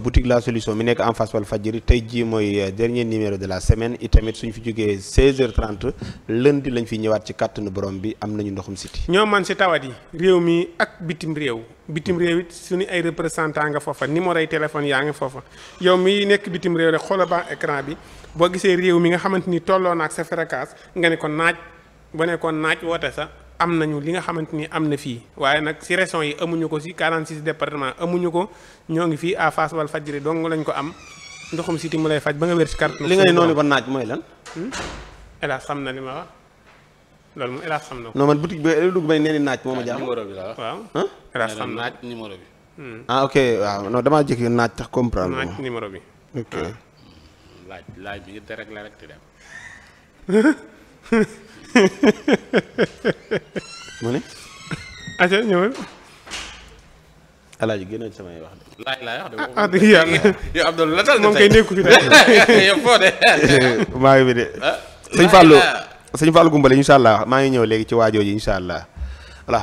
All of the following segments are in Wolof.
boutique la solution mi nekk en face Walfadjri tey jii mooy euh, dernier numéro de la semaine itamit suñ fi jógee 16h30 lundi lañ fi ñëwaat ci kàttanu borom bi am nañu ndoxum siti ñoo man si tawat yi réew mi ak bitim réew bitim réew it suñu ay représentant nga foofa numéro ay téléphone yaa ngi foofa yow mi nekk bitim réew rek xoola ba écran bi boo gisee réew mi nga xamante ni tolloo naak sa fréquence nga ne ko naaj ba ne ko naaj woote sa am nañu li nga xamante ni am na fii waaye nag si régions yi amuñu ko si 46 département amuñu ko ñoo ngi fii à faj Walfadjri dong lañ ko am ndoxum siti mu lay faj ba nga wér si carte li nga ne noonu ba mooy lan hmm? hélas xam na li ma wax xam na ko non man boutique bi dugg ba nee ni naaj moo ma jaaxal numéro bi la waaw hélas xam na naaj numéro bi hmm. ah ok waaw non damaa jékki naaj tax comprendre naaj numéro bi ah. hmm, laaj laaj bi nga rek la rek te dem mu ne. atia ñëwal. alaaji génnoon samay ah, moom ah, kay nekku fi de. maa ngi fi de. Ah, sëñ Fallou sëñ Fallou Gumbale incha allah maa ngi ñëw léegi ci waajooji incha allah voilà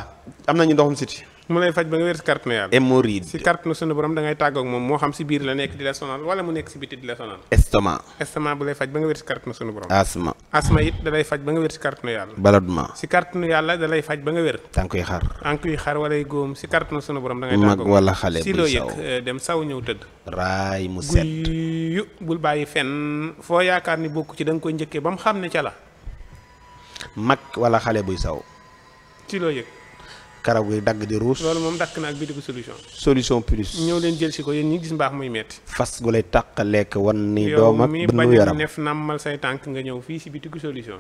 am nañu ndoxum siti mu lay faj ba nga wér si kàttanu yàlla. hémorroïde si sunu borom da ngay moom moo xam si biir la nekk di la sonal wala mu nekk si biti di la sonal. estomac. estomac bu lay faj ba nga wér si kàttanu sunu borom. asma. asma it da lay ba nga wér si kàttanu yàlla. balodement si kàttanu yàlla da lay faj ba nga wér. tànk yu xar. tànk yu xar walay góom si kàttanu sunu borom. da ngay tàggoog mag wala xale euh, dem saw ñëw tëdd. raay mu bul bàyyi fenn foo yaakaar ni bokku ci da nga njëkkee ba xam ne ca la. mag wala xale buy saw. ci loo yëg karaw gi dagg di ruus. loolu moom dakk na ak bii di solution. solution plus. ñëw leen jël si ko yéen ñi gis mbaax muy metti fas gu lay tàqaleeg wan ni doom ak bënnu yaram yow mi nef nàmmal say tànk nga ñëw fii si biti solution.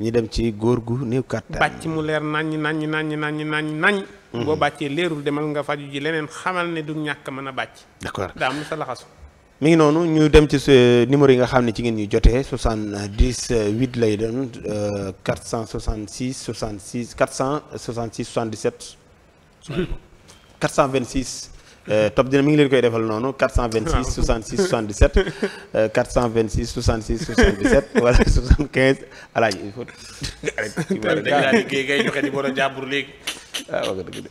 ñu dem ci góor gu néew kattan. bàcc mu leer naññ naññ naññ naññ naññ naññ. Mhm. boo bàccee leerul demal nga faju ji leneen xamal ne du ñàkk mën a bàcc. d'accord daa sa laxasu. mi ngi noonu ñu dem ci numéro yi nga xam ne ci ngeen ñu jotee 78 lay doon 466 66 466 77. 426. top dina mi ngi leen koy defal noonu 426 66 77 426 66 77 wala 75 alaaji il faut. dañu daal di kii ngay joxe numéro jàmbur léegi. ah wax dëgg de.